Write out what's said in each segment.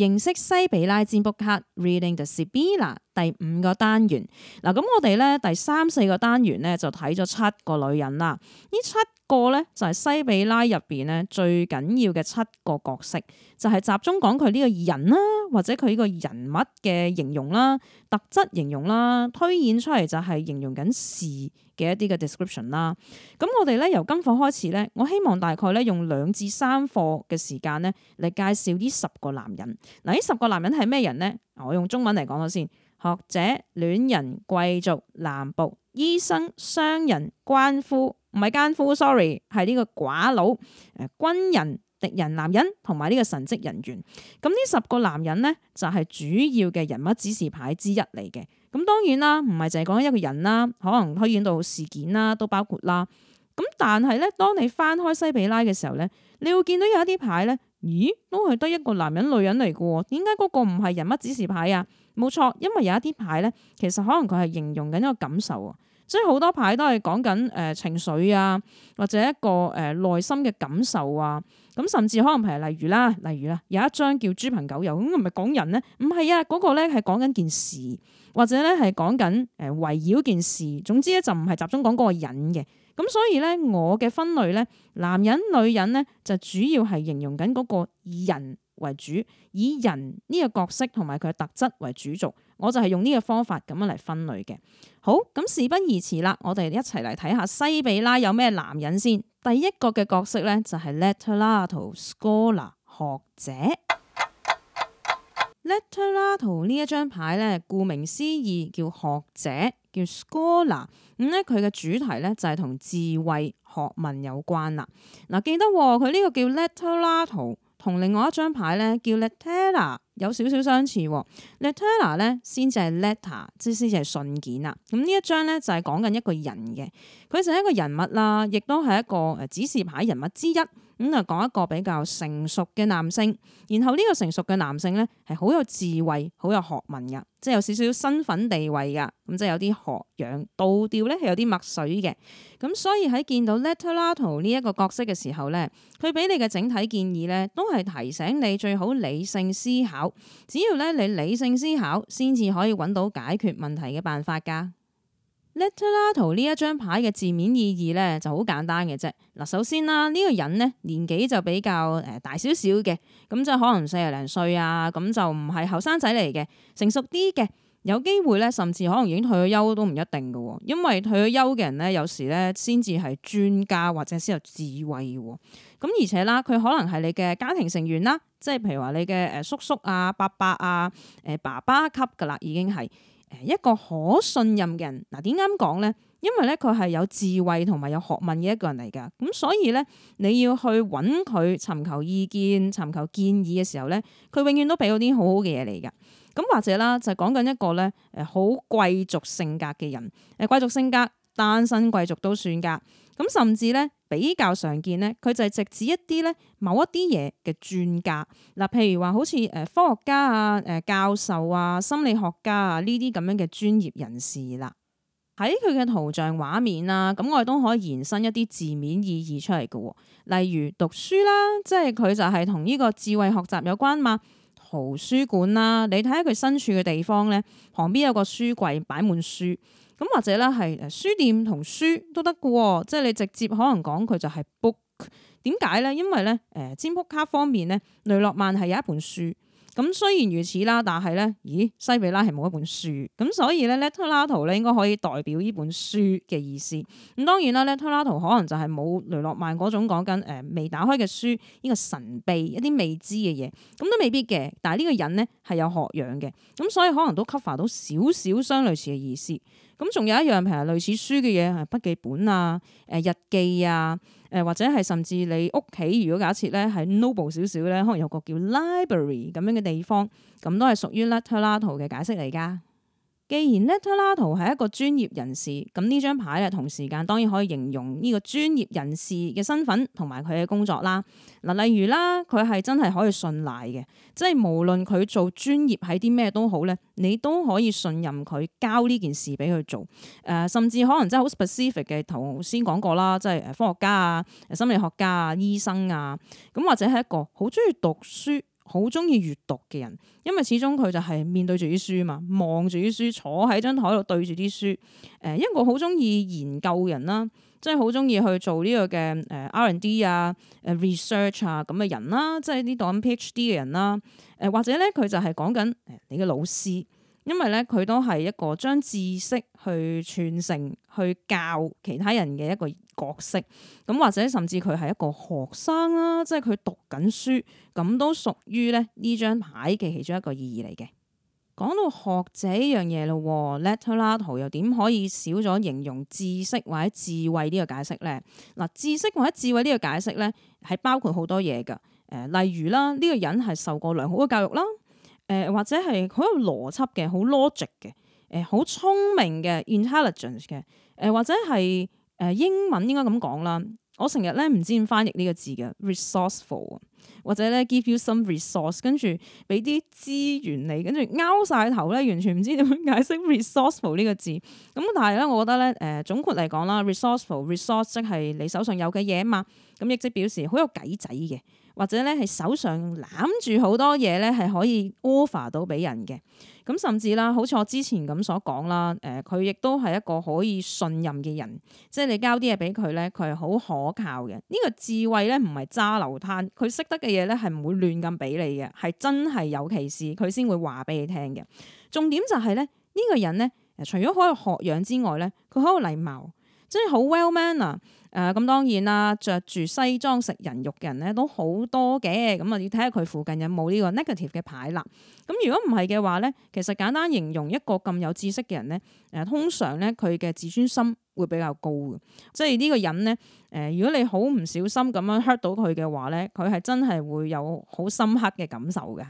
認識西比拉占卜卡，Reading the Sibila 第五個單元。嗱，咁我哋咧第三四個單元咧就睇咗七個女人啦。呢七個咧就係西比拉入邊咧最緊要嘅七個角色，就係集中講佢呢個人啦，或者佢呢個人物嘅形容啦、特質形容啦，推演出嚟就係形容緊事嘅一啲嘅 description 啦。咁我哋咧由今課開始咧，我希望大概咧用兩至三課嘅時間咧嚟介紹呢十個男人。嗱，呢十個男人係咩人呢？我用中文嚟講咗先：學者、戀人、貴族、南部醫生、商人、鰥夫唔係奸夫，sorry，係呢個寡佬、誒軍人、敵人、男人同埋呢個神職人員。咁呢十個男人呢就係主要嘅人物指示牌之一嚟嘅。咁當然啦，唔係淨係講一個人啦，可能推演到事件啦，都包括啦。咁但係呢，當你翻開西比拉嘅時候呢，你會見到有一啲牌呢。咦，都係得一個男人、女人嚟喎點解嗰個唔係人物指示牌啊？冇錯，因為有一啲牌咧，其實可能佢係形容緊一個感受啊，即係好多牌都係講緊誒情緒啊，或者一個誒內心嘅感受啊。咁甚至可能係例如啦，例如啦，有一張叫豬朋狗友，咁唔係講人咧，唔係啊，嗰個咧係講緊件事，或者咧係講緊誒圍繞件事，總之咧就唔係集中講嗰個人嘅。咁所以咧，我嘅分類咧，男人女人咧就主要係形容緊嗰個以人為主，以人呢個角色同埋佢嘅特質為主軸，我就係用呢個方法咁樣嚟分類嘅。好，咁事不宜遲啦，我哋一齊嚟睇下西比拉有咩男人先。第一個嘅角色咧就係、是、Letterato Scholar 學者。Letterato 呢一張牌咧，顧名思義叫學者，叫 Scholar。咁咧佢嘅主題咧就係、是、同智慧學問有關啦。嗱、啊，記得佢、哦、呢個叫 Letterato 同另外一張牌咧叫 Lettera 有少少相似，Lettera 咧先至係 Letter，即先至係信件啦。咁呢一張咧就係講緊一個人嘅，佢就係一個人物啦，亦都係一個指示牌人物之一。咁啊，講一個比較成熟嘅男性，然後呢個成熟嘅男性呢，係好有智慧、好有學問噶，即係有少少身份地位噶，咁即係有啲學養，倒調呢係有啲墨水嘅，咁所以喺見到 Letter Lato 呢一個角色嘅時候呢，佢俾你嘅整體建議呢，都係提醒你最好理性思考，只要咧你理性思考，先至可以揾到解決問題嘅辦法㗎。Little Turtle 呢一張牌嘅字面意義咧就好簡單嘅啫。嗱，首先啦、啊，呢、這個人咧年紀就比較誒、呃、大少少嘅，咁即係可能四廿零歲啊，咁就唔係後生仔嚟嘅，成熟啲嘅，有機會咧甚至可能已經退咗休都唔一定嘅。因為退咗休嘅人咧，有時咧先至係專家或者先有智慧、啊。咁而且啦、啊，佢可能係你嘅家庭成員啦，即係譬如話你嘅誒叔叔啊、伯伯啊、誒、呃、爸爸級噶啦，已經係。誒一個可信任嘅人，嗱，點解咁講咧？因為咧佢係有智慧同埋有學問嘅一個人嚟噶，咁所以咧你要去揾佢尋求意見、尋求建議嘅時候咧，佢永遠都俾到啲好好嘅嘢嚟噶。咁或者啦，就講緊一個咧誒好貴族性格嘅人，誒貴族性格，單身貴族都算噶。咁甚至咧。比較常見咧，佢就係直指一啲咧某一啲嘢嘅專家，嗱，譬如話好似誒科學家啊、誒教授啊、心理學家啊呢啲咁樣嘅專業人士啦，喺佢嘅圖像畫面啦，咁我哋都可以延伸一啲字面意義出嚟嘅，例如讀書啦，即係佢就係同呢個智慧學習有關嘛，圖書館啦，你睇下佢身處嘅地方咧，旁邊有個書櫃擺滿書。咁或者咧係誒書店同書都得嘅喎，即係你直接可能講佢就係 book。點解咧？因為咧誒占卜卡方面咧，雷諾曼係有一本書。咁雖然如此啦，但係咧，咦，西比拉係冇一本書，咁所以咧 letteratura 咧應該可以代表呢本書嘅意思。咁當然啦 letteratura 可能就係冇雷諾曼嗰種講緊、呃、未打開嘅書，呢個神秘一啲未知嘅嘢，咁都未必嘅。但係呢個人咧係有學養嘅，咁所以可能都 cover 到少少相類似嘅意思。咁仲有一樣平時類似書嘅嘢，係筆記本啊，誒、呃、日記啊。誒、呃、或者係甚至你屋企，如果假設咧係 noble 少少咧，可能有個叫 library 咁樣嘅地方，咁都係屬於 literal 嘅解釋嚟噶。既然 l e t t e 係一個專業人士，咁呢張牌咧同時間當然可以形容呢個專業人士嘅身份同埋佢嘅工作啦。嗱，例如啦，佢係真係可以信賴嘅，即係無論佢做專業喺啲咩都好咧，你都可以信任佢交呢件事俾佢做。誒、呃，甚至可能真係好 specific 嘅，頭先講過啦，即係科學家啊、心理學家啊、醫生啊，咁或者係一個好中意讀書，好中意閱讀嘅人，因為始終佢就係面對住啲書嘛，望住啲書，坐喺張台度對住啲書。誒，一個好中意研究人啦，即係好中意去做呢個嘅誒 R&D 啊，誒 research 啊咁嘅人啦，即係啲讀緊 PhD 嘅人啦。誒，或者咧佢就係講緊誒你嘅老師。因為咧佢都係一個將知識去傳承、去教其他人嘅一個角色，咁或者甚至佢係一個學生啦，即係佢讀緊書，咁都屬於咧呢張牌嘅其中一個意義嚟嘅。講到學者呢樣嘢咯，letter lad 號又點可以少咗形容知識或者智慧呢個解釋咧？嗱，知識或者智慧呢個解釋咧係包括好多嘢噶，誒，例如啦，呢個人係受過良好嘅教育啦。誒或者係好有邏輯嘅，好 logic 嘅，誒、呃、好聰明嘅 intelligence 嘅，誒、呃、或者係誒、呃、英文應該咁講啦。我成日咧唔知點翻譯呢個字嘅 resourceful，或者咧 give you some resource，跟住俾啲資源你，跟住拗晒頭咧，完全唔知點樣解釋 resourceful 呢個字。咁但係咧，我覺得咧誒、呃、總括嚟講啦，resourceful resource 即係你手上有嘅嘢嘛，咁亦即表示好有計仔嘅。或者咧係手上攬住好多嘢咧，係可以 offer 到俾人嘅。咁甚至啦，好似我之前咁所講啦，誒佢亦都係一個可以信任嘅人，即係你交啲嘢俾佢咧，佢係好可靠嘅。呢、這個智慧咧唔係揸流攤，佢識得嘅嘢咧係唔會亂咁俾你嘅，係真係有其事佢先會話俾你聽嘅。重點就係咧呢個人咧，除咗可以學養之外咧，佢可以禮貌。即係好 well manner 啊，呃！誒咁當然啦，着住西裝食人肉嘅人咧都好多嘅，咁啊要睇下佢附近有冇呢個 negative 嘅牌啦。咁如果唔係嘅話咧，其實簡單形容一個咁有知識嘅人咧，誒、呃、通常咧佢嘅自尊心會比較高嘅，即係呢個人咧誒、呃，如果你好唔小心咁樣 hurt 到佢嘅話咧，佢係真係會有好深刻嘅感受嘅。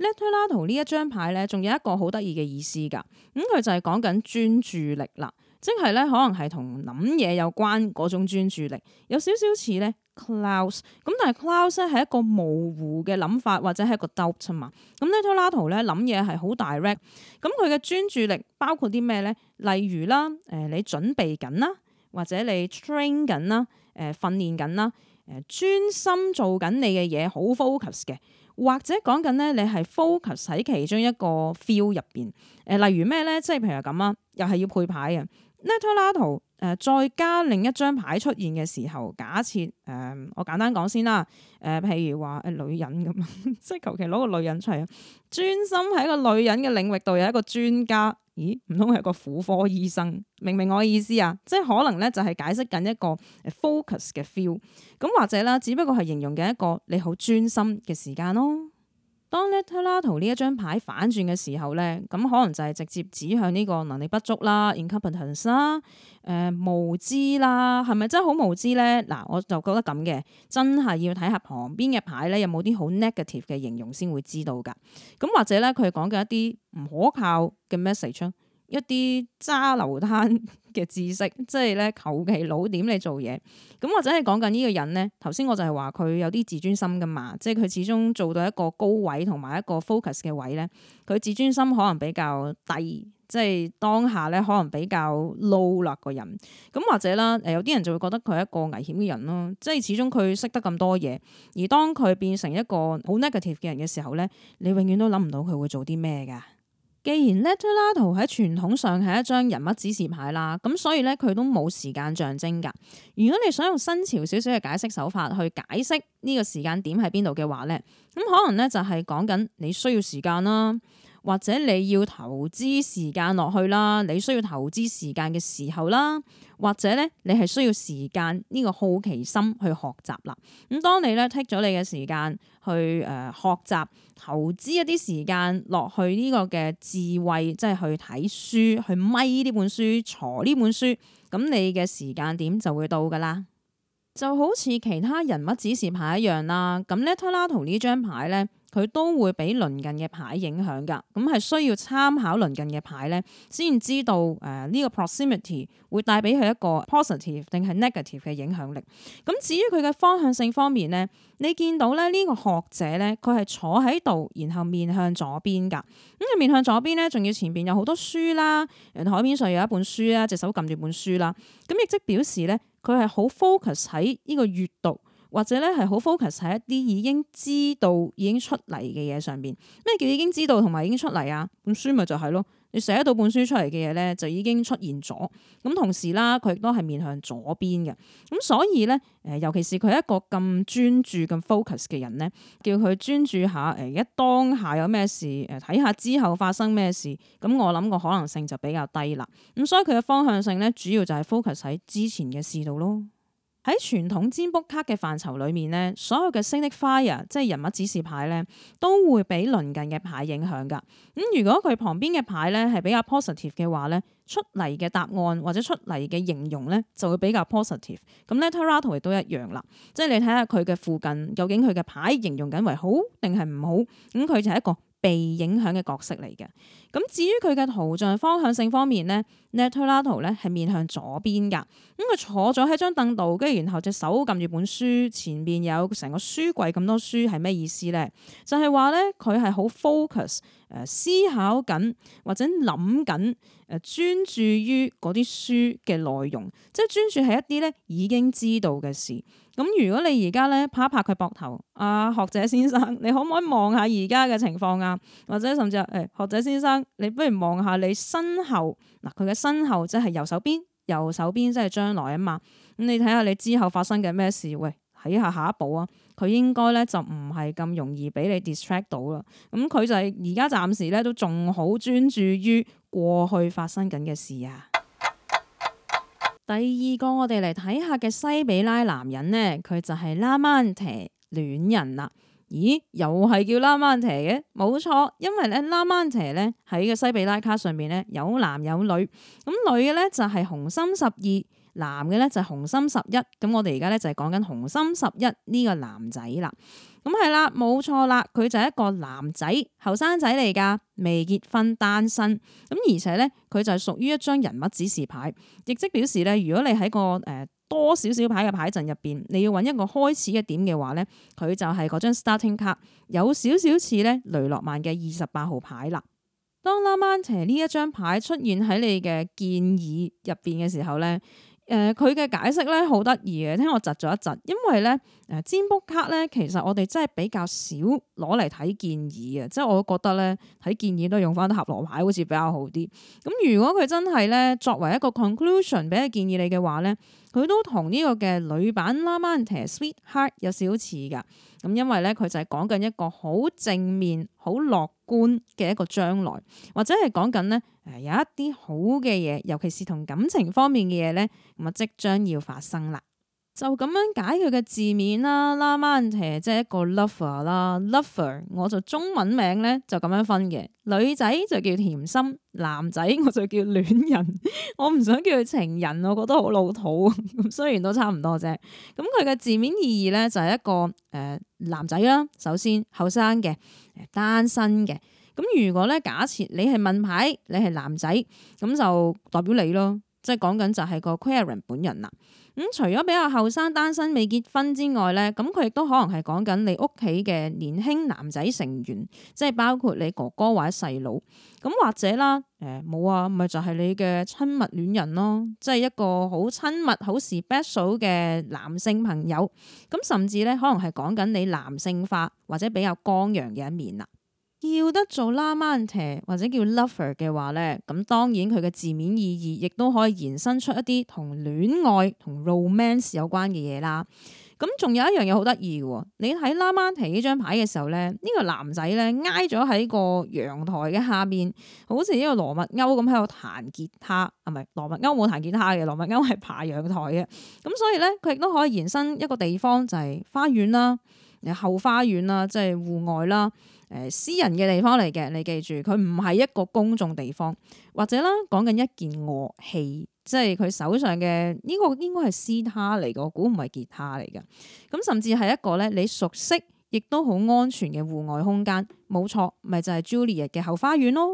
l e t t 呢一張牌咧，仲有一個好得意嘅意思㗎，咁、嗯、佢就係講緊專注力啦。即係咧，可能係同諗嘢有關嗰種專注力，有少少似咧 clouds 咁，但係 clouds 咧係一個模糊嘅諗法，或者係一個 doubt 咋嘛。咁呢套拉圖咧諗嘢係好 direct，咁佢嘅專注力包括啲咩咧？例如啦，誒你準備緊啦，或者你 train 緊啦，誒訓練緊啦，誒專心做緊你嘅嘢，好 focus 嘅，或者講緊咧你係 focus 喺其中一個 feel 入邊，誒例如咩咧？即係譬如咁啊，又係要配牌嘅。natural、圖、呃、再加另一張牌出現嘅時候，假設誒、呃、我簡單講先啦，誒、呃、譬如話誒、呃、女人咁，即係求其攞個女人出嚟，專心喺一個女人嘅領域度有一個專家，咦唔通係個婦科醫生？明唔明我意思啊？即係可能咧就係解釋緊一個 focus 嘅 feel 咁或者啦，只不過係形容嘅一個你好專心嘅時間咯。當 l e t 呢一張牌反轉嘅時候咧，咁可能就係直接指向呢個能力不足啦，incompetence 啦，誒、呃、無知啦，係咪真係好無知咧？嗱，我就覺得咁嘅，真係要睇下旁邊嘅牌咧，有冇啲好 negative 嘅形容先會知道㗎。咁或者咧，佢講嘅一啲唔可靠嘅 message，一啲渣流灘嘅知識，即係咧求其老點你做嘢，咁或者係講緊呢個人咧。頭先我就係話佢有啲自尊心㗎嘛，即係佢始終做到一個高位同埋一個 focus 嘅位咧，佢自尊心可能比較低，即係當下咧可能比較 low 啦個人。咁或者啦，誒有啲人就會覺得佢係一個危險嘅人咯，即係始終佢識得咁多嘢，而當佢變成一個好 negative 嘅人嘅時候咧，你永遠都諗唔到佢會做啲咩噶。既然 Letter Ladle 喺傳統上係一張人物指示牌啦，咁所以咧佢都冇時間象徵㗎。如果你想用新潮少少嘅解釋手法去解釋呢個時間點喺邊度嘅話咧，咁可能咧就係講緊你需要時間啦。或者你要投資時間落去啦，你需要投資時間嘅時候啦，或者咧你係需要時間呢個好奇心去學習啦。咁當你咧剔咗你嘅時間去誒學習投資一啲時間落去呢個嘅智慧，即係去睇書、去咪呢本書、坐呢本書，咁你嘅時間點就會到㗎喇。就好似其他人物指示牌一樣啦，咁 letter 啦同呢張牌咧，佢都會俾鄰近嘅牌影響噶，咁係需要參考鄰近嘅牌咧，先知道誒呢、呃呢個 proximity 會帶俾佢一個 positive 定係 negative 嘅影響力。咁至於佢嘅方向性方面咧，你見到咧呢、呢個學者咧，佢係坐喺度，然後面向左邊噶。咁佢面向左邊咧，仲要前邊有好多書啦，海面上有一本書啦，隻手撳住本書啦，咁亦即表示咧。佢係好 focus 喺呢個閱讀，或者咧係好 focus 喺一啲已經知道、已經出嚟嘅嘢上邊。咩叫已經知道同埋已經出嚟啊？本書咪就係咯。你寫到本書出嚟嘅嘢咧，就已經出現咗。咁同時啦，佢亦都係面向左邊嘅。咁所以咧，誒尤其是佢係一個咁專注、咁 focus 嘅人咧，叫佢專注下誒而家當下有咩事，誒睇下之後發生咩事。咁我諗個可能性就比較低啦。咁所以佢嘅方向性咧，主要就係 focus 喺之前嘅事度咯。喺傳統占卜卡嘅範疇裏面咧，所有嘅 signifier，即係人物指示牌咧，都會俾鄰近嘅牌影響噶。咁如果佢旁邊嘅牌咧係比較 positive 嘅話咧，出嚟嘅答案或者出嚟嘅形容咧就會比較 positive。咁咧 Tarot 亦都一樣啦，即係你睇下佢嘅附近究竟佢嘅牌形容緊為好定係唔好，咁佢就係一個被影響嘅角色嚟嘅，咁至於佢嘅圖像方向性方面咧，netto 拉圖咧係面向左邊噶，咁佢坐咗喺張凳度，跟住然後隻手撳住本書，前面有成個書櫃咁多書，係咩意思咧？就係、是、話咧佢係好 focus 誒、呃、思考緊或者諗緊誒專注於嗰啲書嘅內容，即係專注係一啲咧已經知道嘅事。咁如果你而家咧拍一拍佢膊頭，啊，學者先生，你可唔可以望下而家嘅情況啊？或者甚至係誒、哎，學者先生，你不如望下你身後嗱，佢嘅身後即係右手邊，右手邊即係將來啊嘛。咁你睇下你之後發生嘅咩事？喂，睇下下一步啊。佢應該咧就唔係咁容易俾你 distract 到啦。咁佢就係而家暫時咧都仲好專注於過去發生緊嘅事啊。第二個我哋嚟睇下嘅西比拉男人咧，佢就係拉曼提戀人啦。咦，又係叫拉曼提嘅，冇錯。因為咧，拉曼提咧喺個西比拉卡上面咧有男有女，咁女嘅咧就係紅心十二。男嘅咧就係紅心十一，咁我哋而家咧就係講緊紅心十一呢個男仔啦。咁係啦，冇錯啦，佢就係一個男仔後生仔嚟㗎，未結婚單身。咁而且咧，佢就係屬於一張人物指示牌，亦即表示咧，如果你喺個誒、呃、多少少牌嘅牌陣入邊，你要揾一個開始嘅點嘅話咧，佢就係嗰張 starting card，有少少似咧雷諾曼嘅二十八號牌啦。當浪漫斜呢一張牌出現喺你嘅建議入邊嘅時候咧。誒，佢嘅解釋咧好得意嘅，聽我窒咗一窒，因為咧誒，占卜卡咧其實我哋真係比較少攞嚟睇建議嘅，即係我覺得咧睇建議都用翻啲合羅牌好似比較好啲。咁如果佢真係咧作為一個 conclusion 俾佢建議你嘅話咧。佢都同呢個嘅女版《Lamontia Sweet Heart》有少少似噶，咁，因為咧佢就係講緊一個好正面、好樂觀嘅一個將來，或者係講緊咧誒有一啲好嘅嘢，尤其是同感情方面嘅嘢咧，咁啊即將要發生啦。就咁樣解佢嘅字面啦，Lamante 即係一個 lover 啦，lover，我就中文名咧就咁樣分嘅，女仔就叫甜心，男仔我就叫戀人， 我唔想叫佢情人，我覺得好老土，咁 雖然都差唔多啫。咁佢嘅字面意義咧就係、是、一個誒、呃、男仔啦，首先後生嘅單身嘅，咁如果咧假設你係問牌，你係男仔，咁就代表你咯，即係講緊就係、是、個 querent 本人啦。咁除咗比較後生、單身、未結婚之外咧，咁佢亦都可能係講緊你屋企嘅年輕男仔成員，即係包括你哥哥或者細佬，咁或者啦，誒、欸、冇啊，咪就係、是、你嘅親密戀人咯，即係一個好親密、好 special 嘅男性朋友，咁甚至咧可能係講緊你男性化或者比較剛陽嘅一面啦。要得做拉曼提或者叫 lover 嘅話咧，咁當然佢嘅字面意義亦都可以延伸出一啲同戀愛同 romance 有關嘅嘢啦。咁仲有一樣嘢好得意嘅，你睇拉曼提呢張牌嘅時候咧，呢個男仔咧挨咗喺個陽台嘅下邊，好似呢個羅密歐咁喺度彈吉他。啊，係咪？羅密歐冇彈吉他嘅，羅密歐係爬陽台嘅。咁所以咧，佢亦都可以延伸一個地方就係花園啦，後花園啦，即係戶外啦。誒私人嘅地方嚟嘅，你記住佢唔係一個公眾地方，或者啦講緊一件樂器，即係佢手上嘅呢、這個應該係私他嚟嘅，我估唔係吉他嚟嘅。咁甚至係一個咧你熟悉亦都好安全嘅戶外空間，冇錯，咪就係、是、Juliet 嘅後花園咯。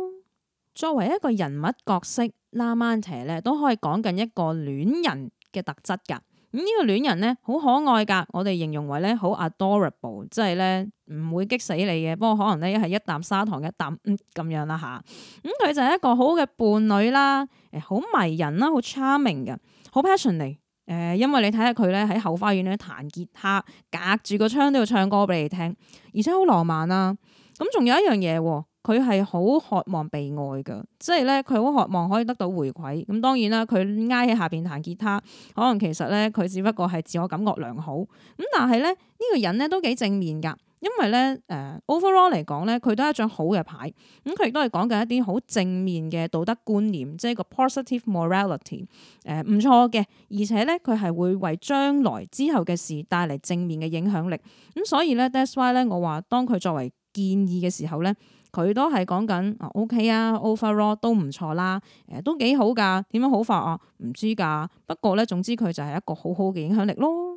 作為一個人物角色，La Monte 咧都可以講緊一個戀人嘅特質㗎。咁呢個戀人咧，好可愛㗎，我哋形容為咧好 adorable，即係咧唔會激死你嘅，不過可能咧係一啖砂糖一啖咁、嗯、樣啦、啊、吓，咁、嗯、佢就係一個好嘅伴侶啦，誒、呃、好迷人啦，好 charming 嘅，好 passion 嚟、呃。誒，因為你睇下佢咧喺後花園咧彈吉他，隔住個窗都要唱歌俾你聽，而且好浪漫啦、啊。咁、嗯、仲有一樣嘢喎、啊。佢係好渴望被愛㗎，即係咧佢好渴望可以得到回饋。咁當然啦，佢挨喺下邊彈吉他，可能其實咧佢只不過係自我感覺良好。咁但係咧呢個人咧都幾正面㗎，因為咧誒 overall 嚟講咧佢都係一張好嘅牌。咁佢亦都係講緊一啲好正面嘅道德觀念，即係個 positive morality 誒、呃、唔錯嘅。而且咧佢係會為將來之後嘅事帶嚟正面嘅影響力。咁所以咧，that's why 咧我話當佢作為建議嘅時候咧。佢都係講緊，OK 啊，overall 都唔錯啦，誒、呃、都幾好㗎，點樣好法啊？唔知㗎，不過咧，總之佢就係一個好好嘅影響力咯。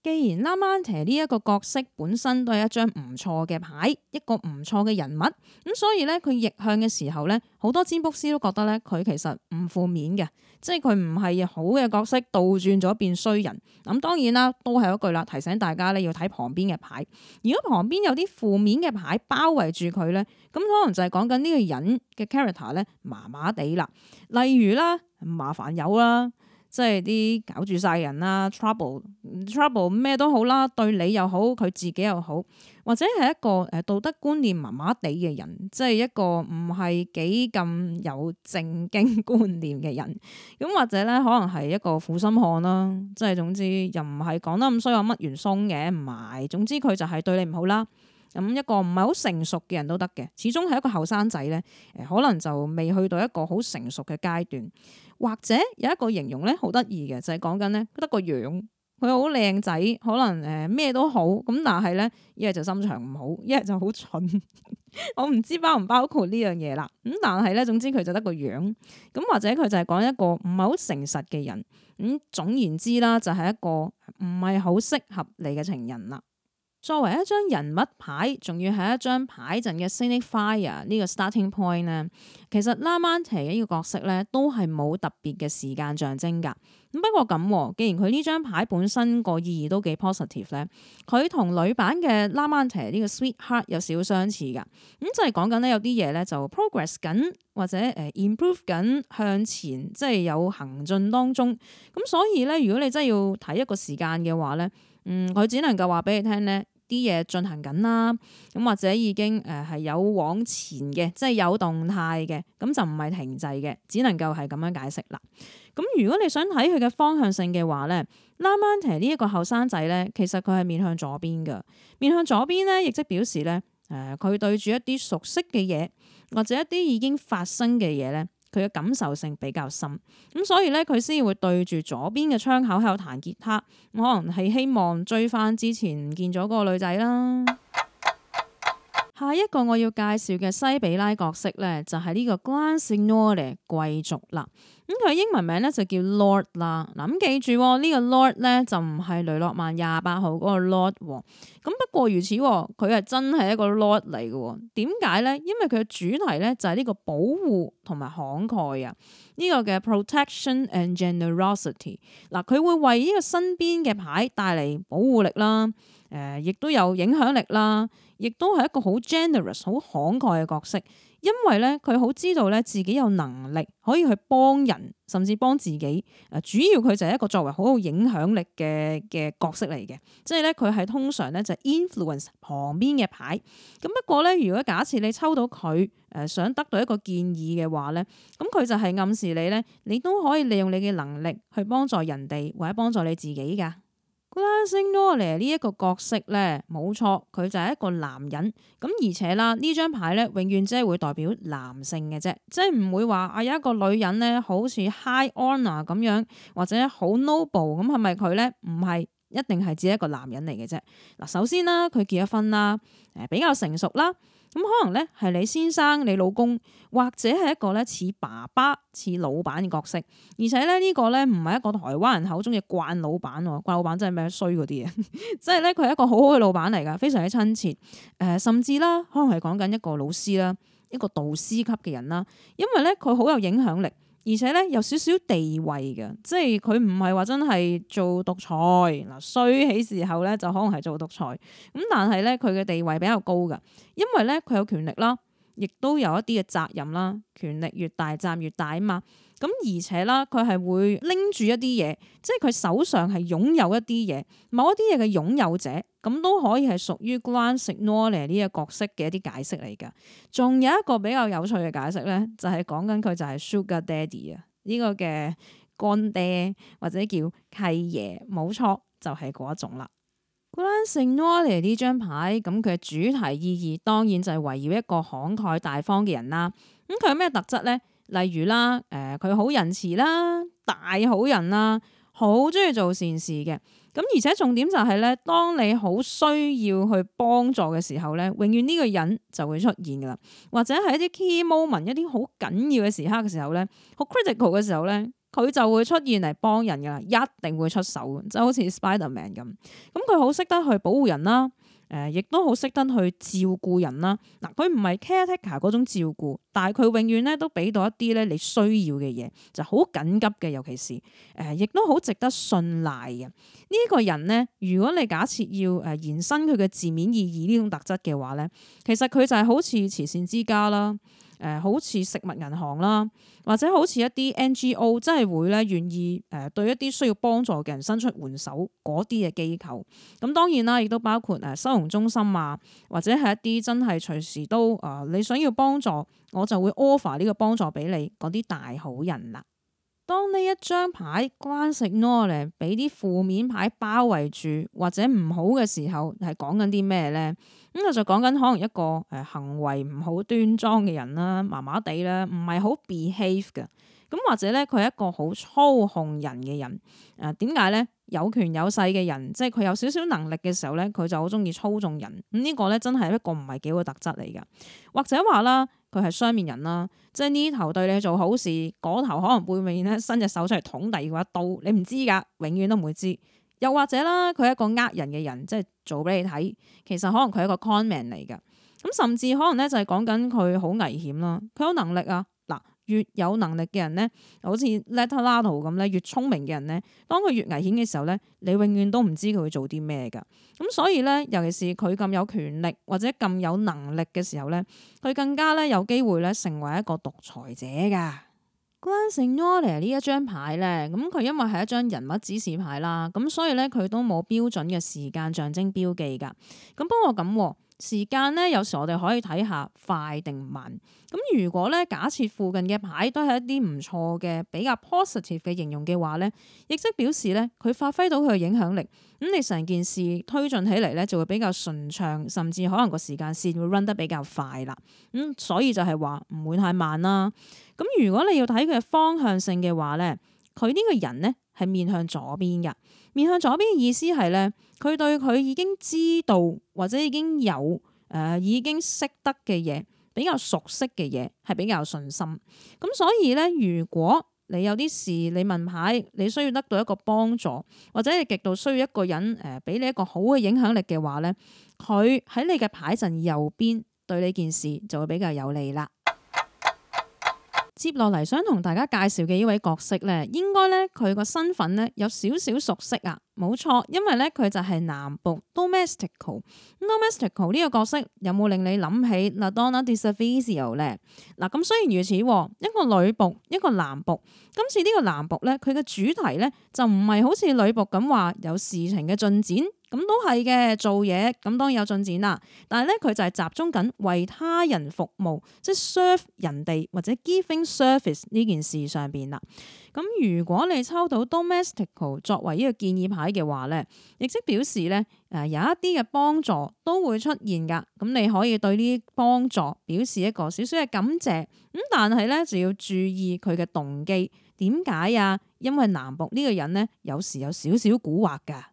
既然拉曼提呢一個角色本身都係一張唔錯嘅牌，一個唔錯嘅人物，咁所以咧佢逆向嘅時候咧，好多占卜師都覺得咧佢其實唔負面嘅，即係佢唔係好嘅角色，倒轉咗變衰人。咁當然啦，都係一句啦，提醒大家咧要睇旁邊嘅牌。如果旁邊有啲負面嘅牌包圍住佢咧，咁可能就係講緊呢個人嘅 character 咧，麻麻地啦。例如啦，麻煩友啦。即係啲搞住晒人啦，trouble trouble 咩都好啦，對你又好，佢自己又好，或者係一個誒道德觀念麻麻地嘅人，即係一個唔係幾咁有正經觀念嘅人，咁或者咧可能係一個負心漢啦，即係總之又唔係講得咁衰話乜完鬆嘅，唔係，總之佢就係對你唔好啦。咁一個唔係好成熟嘅人都得嘅，始終係一個後生仔咧，誒可能就未去到一個好成熟嘅階段，或者有一個形容咧好得意嘅，就係講緊咧得個樣，佢好靚仔，可能誒咩都好，咁但係咧一係就心腸唔好，一係就好蠢，我唔知包唔包括呢樣嘢啦。咁但係咧總之佢就得個樣，咁或者佢就係講一個唔係好誠實嘅人。咁總言之啦，就係一個唔係好適合你嘅情人啦。作為一張人物牌，仲要係一張牌陣嘅 signifier 呢個 starting point 呢，其實 Lamante 呢個角色呢，都係冇特別嘅時間象徵噶。咁不過咁，既然佢呢張牌本身個意義都幾 positive 呢，佢同女版嘅 Lamante 呢個 sweetheart 有少少相似噶。咁即係講緊呢，有啲嘢呢就 progress 緊或者誒 improve 緊向前，即係有行進當中。咁所以呢，如果你真係要睇一個時間嘅話呢。嗯，佢只能夠話俾你聽咧，啲嘢進行緊啦，咁或者已經誒係有往前嘅，即係有動態嘅，咁就唔係停滯嘅，只能夠係咁樣解釋啦。咁如果你想睇佢嘅方向性嘅話咧，拉曼提呢一個後生仔咧，其實佢係面向左邊嘅，面向左邊咧，亦即表示咧誒，佢、呃、對住一啲熟悉嘅嘢或者一啲已經發生嘅嘢咧。佢嘅感受性比較深，咁所以呢，佢先會對住左邊嘅窗口喺度彈吉他。我可能係希望追翻之前唔見咗嗰個女仔啦。 下一個我要介紹嘅西比拉角色呢，就係呢個 Gran Signore 貴族啦。咁佢英文名咧就叫 Lord 啦，嗱咁記住呢個 Lord 咧就唔係雷諾曼廿八號嗰個 Lord 喎，咁不過如此，佢係真係一個 Lord 嚟嘅，點解咧？因為佢嘅主題咧就係呢個保護同埋慷慨啊，呢個嘅 protection and generosity，嗱佢會為呢個身邊嘅牌帶嚟保護力啦。誒，亦、呃、都有影響力啦，亦都係一個好 generous、好慷慨嘅角色，因為咧，佢好知道咧自己有能力可以去幫人，甚至幫自己。誒、呃，主要佢就係一個作為好有影響力嘅嘅角色嚟嘅，即係咧，佢係通常咧就是、influence 旁邊嘅牌。咁不過咧，如果假設你抽到佢，誒、呃、想得到一個建議嘅話咧，咁佢就係暗示你咧，你都可以利用你嘅能力去幫助人哋或者幫助你自己噶。Blazing Glory 呢一個角色咧，冇錯，佢就係一個男人咁，而且啦呢張牌咧，永遠只係會代表男性嘅啫，即係唔會話啊有一個女人咧，好似 High Honor 咁樣或者好 Noble 咁，係咪佢咧唔係一定係只是一個男人嚟嘅啫？嗱，首先啦，佢結咗婚啦，誒，比較成熟啦。咁可能咧，係你先生、你老公，或者係一個咧似爸爸、似老闆嘅角色。而且咧，呢個咧唔係一個台灣人口中嘅慣老闆喎，慣老闆真係咩衰嗰啲嘢。即係咧，佢係一個好好嘅老闆嚟噶，非常之親切。誒，甚至啦，可能係講緊一個老師啦，一個導師級嘅人啦，因為咧佢好有影響力。而且咧，有少少地位嘅，即係佢唔係話真係做獨裁嗱，衰起時候咧就可能係做獨裁咁，但係咧佢嘅地位比較高嘅，因為咧佢有權力啦，亦都有一啲嘅責任啦，權力越大責任越大啊嘛。咁而且啦，佢係會拎住一啲嘢，即係佢手上係擁有一啲嘢，某一啲嘢嘅擁有者，咁都可以係屬於 Glanzner 呢個角色嘅一啲解釋嚟㗎。仲有一個比較有趣嘅解釋咧，就係講緊佢就係 Sugar Daddy 啊，呢個嘅乾爹或者叫契爺，冇錯就係嗰一種啦。Glanzner 呢張牌，咁佢嘅主題意義當然就係圍繞一個慷慨大方嘅人啦。咁佢有咩特質咧？例如啦，誒佢好仁慈啦，大好人啦，好中意做善事嘅。咁而且重點就係咧，當你好需要去幫助嘅時候咧，永遠呢個人就會出現噶啦。或者係一啲 key moment，一啲好緊要嘅時刻嘅時候咧，好 critical 嘅時候咧，佢就會出現嚟幫人噶啦，一定會出手嘅，就好似 Spider Man 咁。咁佢好識得去保護人啦。誒，亦都好識得去照顧人啦。嗱，佢唔係 caretaker 嗰種照顧，但係佢永遠咧都俾到一啲咧你需要嘅嘢，就好緊急嘅。尤其是誒，亦都好值得信賴嘅呢個人咧。如果你假設要誒延伸佢嘅字面意義呢種特質嘅話咧，其實佢就係好似慈善之家啦。誒、呃、好似食物銀行啦，或者好似一啲 NGO 真係會咧願意誒、呃、對一啲需要幫助嘅人伸出援手嗰啲嘅機構，咁、呃、當然啦，亦都包括誒、呃、收容中心啊，或者係一啲真係隨時都啊、呃、你想要幫助，我就會 offer 呢個幫助俾你嗰啲大好人啦。當呢一張牌關食囉俾啲負面牌包圍住，或者唔好嘅時候，係講緊啲咩咧？咁我就講緊可能一個誒、呃、行為唔好端莊嘅人啦，麻麻地啦，唔係好 behave 嘅。咁或者咧，佢係一個好操控人嘅人。啊、呃，點解咧？有權有勢嘅人，即係佢有少少能力嘅時候咧，佢就好中意操縱人。咁、嗯、呢、這個咧，真係一個唔係幾好嘅特質嚟㗎。或者話啦，佢係雙面人啦。即係呢頭對你做好事，嗰頭可能背面咧伸隻手出嚟捅第二一刀，你唔知㗎，永遠都唔會知。又或者啦，佢係一個呃人嘅人，即係做俾你睇，其實可能佢係一個 conman 嚟㗎。咁甚至可能咧，就係講緊佢好危險啦。佢有能力啊，嗱。越有能力嘅人咧，好似 Letterland 咁咧，越聰明嘅人咧，當佢越危險嘅時候咧，你永遠都唔知佢會做啲咩噶。咁所以咧，尤其是佢咁有權力或者咁有能力嘅時候咧，佢更加咧有機會咧成為一個獨裁者噶。Glancing Royal 呢一張牌咧，咁佢因為係一張人物指示牌啦，咁所以咧佢都冇標準嘅時間象徵標記噶。咁不過咁。時間咧，有時我哋可以睇下快定慢。咁如果咧，假設附近嘅牌都係一啲唔錯嘅比較 positive 嘅形容嘅話咧，亦即表示咧，佢發揮到佢嘅影響力。咁、嗯、你成件事推進起嚟咧，就會比較順暢，甚至可能個時間線會 run 得比較快啦。咁、嗯、所以就係話唔會太慢啦。咁、嗯、如果你要睇佢嘅方向性嘅話咧，佢呢個人咧係面向左邊㗎。面向左邊嘅意思係咧。佢對佢已經知道或者已經有誒、呃、已經識得嘅嘢，比較熟悉嘅嘢，係比較有信心。咁所以咧，如果你有啲事你問牌，你需要得到一個幫助，或者你極度需要一個人誒俾、呃、你一個好嘅影響力嘅話咧，佢喺你嘅牌陣右邊，對呢件事就會比較有利啦。接落嚟想同大家介紹嘅呢位角色咧，應該咧佢個身份咧有少少熟悉啊，冇錯，因為咧佢就係男僕 Domestico。Domestico 呢個角色有冇令你諗起 La Donna de Savizio 咧？嗱，咁雖然如此，一個女僕，一個男僕。今次呢個男僕咧，佢嘅主題咧就唔係好似女僕咁話有事情嘅進展。咁都係嘅，做嘢咁當然有進展啦。但係咧，佢就係集中緊為他人服務，即係 serve 人哋或者 giving service 呢件事上邊啦。咁如果你抽到 domestical 作為呢個建議牌嘅話咧，亦即表示咧，誒有一啲嘅幫助都會出現噶。咁你可以對呢啲幫助表示一個少少嘅感謝。咁但係咧就要注意佢嘅動機點解啊？因為男僕呢個人咧有時有少少蠱惑噶。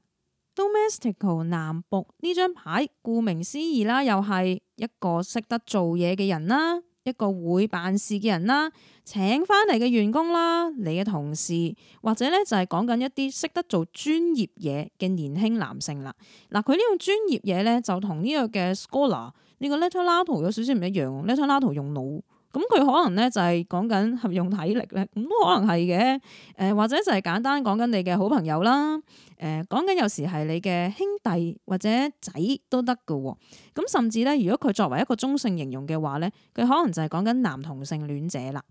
domestical 男僕呢張牌，顧名思義啦，又係一個識得做嘢嘅人啦，一個會辦事嘅人啦，請翻嚟嘅員工啦，你嘅同事或者咧就係講緊一啲識得做專業嘢嘅年輕男性啦。嗱，佢呢個專業嘢咧就同呢個嘅 scholar 呢個 letter lato 有少少唔一樣，letter lato 用腦。咁佢可能咧就係講緊合用體力咧，咁都可能係嘅。誒或者就係簡單講緊你嘅好朋友啦。誒講緊有時係你嘅兄弟或者仔都得㗎。咁甚至咧，如果佢作為一個中性形容嘅話咧，佢可能就係講緊男同性戀者啦。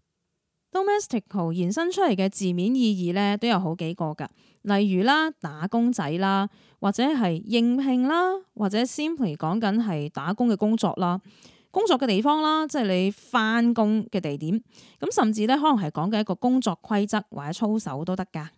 Domestico 延伸出嚟嘅字面意義咧都有好幾個㗎，例如啦，打工仔啦，或者係應聘啦，或者 simply 講緊係打工嘅工作啦。工作嘅地方啦，即係你翻工嘅地點，咁甚至咧可能係講嘅一個工作規則或者操守都得噶。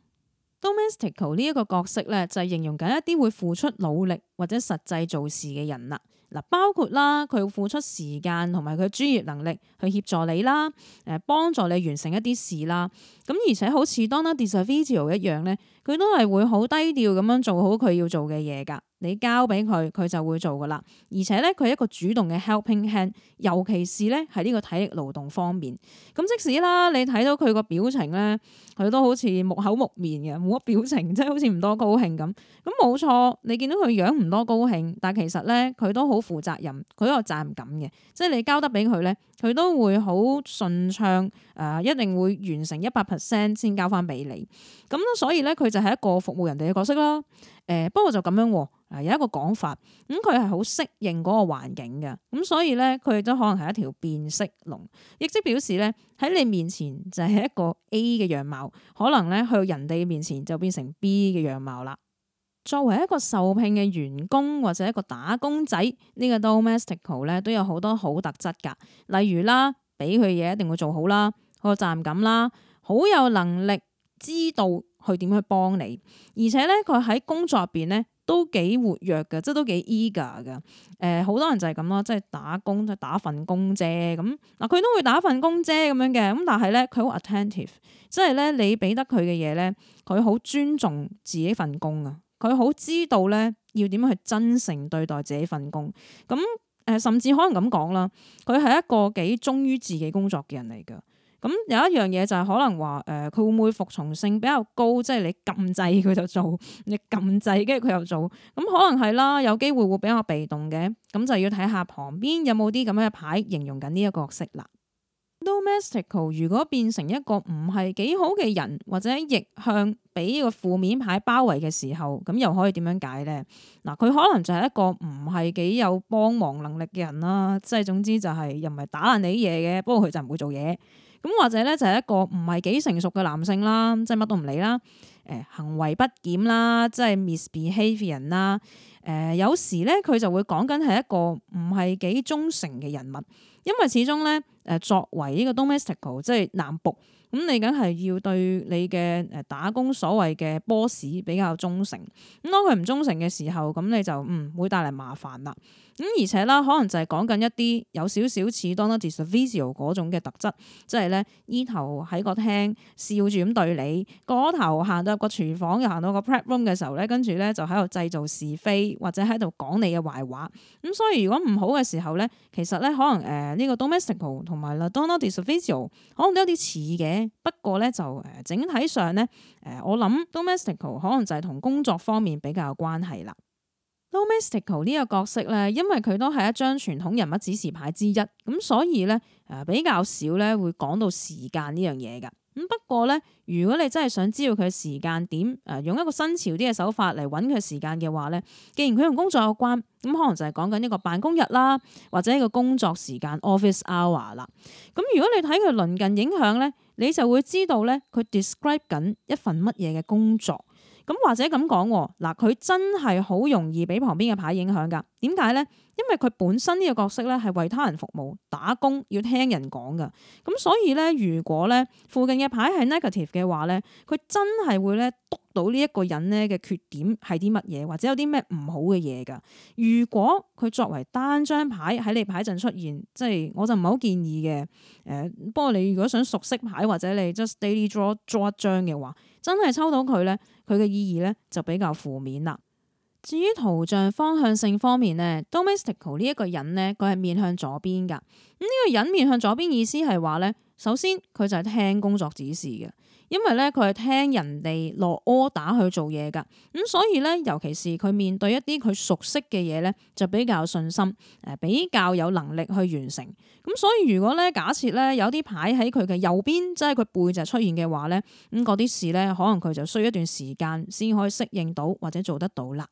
domestical 呢一個角色咧就係形容緊一啲會付出努力或者實際做事嘅人啦，嗱，包括啦佢付出時間同埋佢專業能力去協助你啦，誒幫助你完成一啲事啦，咁而且好似 domestic vital 一樣咧，佢都係會好低調咁樣做好佢要做嘅嘢噶。你交俾佢，佢就會做噶啦。而且咧，佢係一個主動嘅 helping hand，尤其是咧喺呢個體力勞動方面。咁即使啦，你睇到佢個表情咧，佢都好似木口木面嘅，冇乜表情，即係好似唔多高興咁。咁冇錯，你見到佢樣唔多高興，但其實咧，佢都好負責任，佢有責任感嘅。即係你交得俾佢咧，佢都會好順暢，誒，一定會完成一百 percent 先交翻俾你。咁所以咧，佢就係一個服務人哋嘅角色啦。誒、嗯、不過就咁樣喎，有一個講法，咁佢係好適應嗰個環境嘅，咁、嗯、所以咧佢都可能係一條變色龍，亦即表示咧喺你面前就係一個 A 嘅樣貌，可能咧去人哋面前就變成 B 嘅樣貌啦。作為一個受聘嘅員工或者一個打工仔，這個、呢個 domestical 咧都有好多好特質㗎，例如啦，俾佢嘢一定會做好啦，個責任感啦，好有能力知道佢點樣去幫你？而且咧，佢喺工作入邊咧都幾活躍嘅，即係都幾 eager 嘅。誒、呃，好多人就係咁咯，即係打工，即係打份工啫。咁、嗯、嗱，佢都會打份工啫咁樣嘅。咁但係咧，佢好 attentive，即係咧你俾得佢嘅嘢咧，佢好尊重自己份工啊。佢好知道咧要點樣去真誠對待自己份工。咁、嗯、誒、呃，甚至可能咁講啦，佢係一個幾忠於自己工作嘅人嚟嘅。咁、嗯、有一樣嘢就係可能話誒，佢、呃、會唔會服從性比較高，即係你撳掣佢就做，你撳掣，跟住佢又做，咁、嗯、可能係啦，有機會會比較被動嘅，咁、嗯、就要睇下旁邊有冇啲咁樣嘅牌形容緊呢一個角色啦。Domestical 如果變成一個唔係幾好嘅人，或者逆向俾個負面牌包圍嘅時候，咁又可以點樣解呢？嗱、嗯，佢可能就係一個唔係幾有幫忙能力嘅人啦，即係總之就係又唔係打爛你啲嘢嘅，不過佢就唔會做嘢。咁或者咧就係一個唔係幾成熟嘅男性啦，即係乜都唔理啦，誒行為不檢啦，即係 misbehaving 啦、呃，誒有時咧佢就會講緊係一個唔係幾忠誠嘅人物，因為始終咧誒作為呢個 domestic 即係男僕。咁你梗係要對你嘅誒打工所謂嘅 boss 比較忠誠。咁當佢唔忠誠嘅時候，咁你就嗯會帶嚟麻煩啦。咁、嗯、而且啦，可能就係講緊一啲有少少似 Donald Disadvise 嗰種嘅特質，即係咧呢頭喺個廳笑住咁對你，嗰頭行到入個廚房又行到個 prep room 嘅時候咧，跟住咧就喺度製造是非，或者喺度講你嘅壞話。咁、嗯、所以如果唔好嘅時候咧，其實咧可能誒呢、呃呢個 domestical 同埋啦 Donald Disadvise 可能都有啲似嘅。不過咧就誒，整體上咧誒，我諗 domestic 可能就係同工作方面比較有關係啦。Domestical 呢個角色咧，因為佢都係一張傳統人物指示牌之一，咁所以咧誒比較少咧會講到時間呢樣嘢噶。咁不過咧，如果你真係想知道佢時間點誒，用一個新潮啲嘅手法嚟搵佢時間嘅話咧，既然佢同工作有關，咁可能就係講緊呢個辦公日啦，或者一個工作時間 office hour 啦。咁如果你睇佢鄰近影響咧，你就會知道咧佢 describe 緊一份乜嘢嘅工作。咁或者咁講嗱，佢真係好容易俾旁邊嘅牌影響噶。點解咧？因為佢本身呢個角色咧係為他人服務、打工，要聽人講噶。咁所以咧，如果咧附近嘅牌係 negative 嘅話咧，佢真係會咧督到呢一個人咧嘅缺點係啲乜嘢，或者有啲咩唔好嘅嘢噶。如果佢作為單張牌喺你牌陣出現，即係我就唔係好建議嘅。誒、呃，不過你如果想熟悉牌或者你 just daily draw draw 一張嘅話，真係抽到佢呢，佢嘅意義呢就比較負面啦。至於圖像方向性方面呢，domestical 呢一個人呢，佢係面向左邊噶。咁、這、呢個人面向左邊意思係話呢，首先佢就係聽工作指示嘅。因為咧佢係聽人哋落柯打去做嘢噶，咁所以咧，尤其是佢面對一啲佢熟悉嘅嘢咧，就比較有信心，誒，比較有能力去完成。咁所以如果咧，假設咧有啲牌喺佢嘅右邊，即係佢背脊出現嘅話咧，咁嗰啲事咧可能佢就需要一段時間先可以適應到或者做得到啦。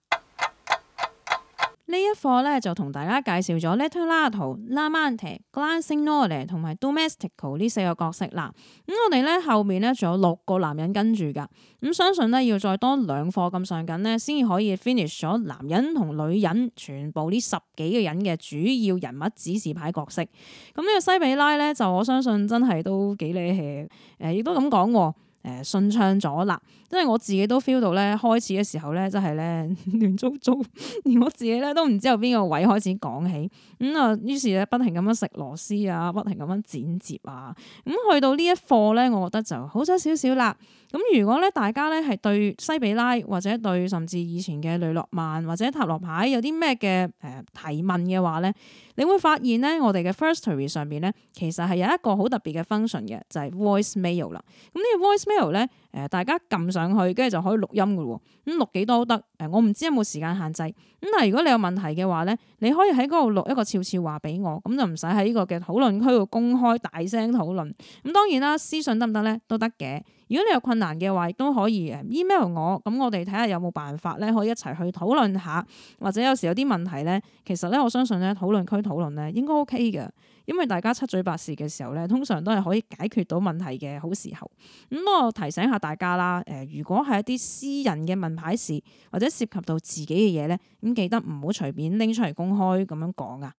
一課呢，一課咧就同大家介紹咗 Letterato、L'amante Gran Signore 同埋 Domestico 呢四個角色啦。咁、嗯、我哋咧後面咧仲有六個男人跟住噶。咁、嗯、相信咧要再多兩課咁上緊呢，先至可以 finish 咗男人同女人全部呢十幾個人嘅主要人物指示牌角色。咁、嗯、呢、這個西比拉咧就我相信真係都幾厲害。誒、呃，亦都咁講，誒、呃，順暢咗啦。因為我自己都 feel 到咧，開始嘅時候咧，真係咧亂糟糟，而我自己咧都唔知由邊個位開始講起。咁啊，於是咧不停咁樣食螺絲啊，不停咁樣剪接啊。咁去到呢一課咧，我覺得就好咗少少啦。咁如果咧大家咧係對西比拉或者對甚至以前嘅雷諾曼或者塔羅牌有啲咩嘅誒提問嘅話咧，你會發現咧我哋嘅 First Story 上邊咧其實係有一個好特別嘅 function 嘅，就係 Voice Mail 啦。咁呢個 Voice Mail 咧。誒，大家撳上去，跟住就可以錄音㗎咯喎。咁錄幾多都得。誒，我唔知有冇時間限制。咁但係如果你有問題嘅話咧，你可以喺嗰度錄一個悄悄話畀我，咁就唔使喺呢個嘅討論區度公開大聲討論。咁當然啦，私信得唔得咧？都得嘅。如果你有困難嘅話，亦都可以 email 我。咁我哋睇下有冇辦法咧，可以一齊去討論下。或者有時有啲問題咧，其實咧我相信咧，討論區討論咧應該 OK 嘅，因為大家七嘴八舌嘅時候咧，通常都係可以解決到問題嘅好時候。咁我提醒下大家啦，誒，如果係一啲私人嘅問牌事或者涉及到自己嘅嘢咧，咁記得唔好隨便拎出嚟公開咁樣講啊。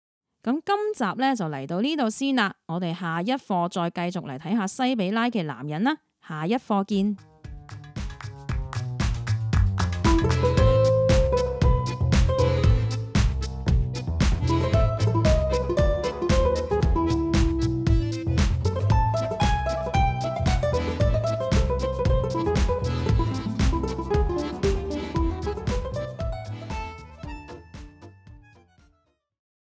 咁今集咧就嚟到呢度先啦。我哋下一課再繼續嚟睇下西比拉嘅男人啦。下一課見。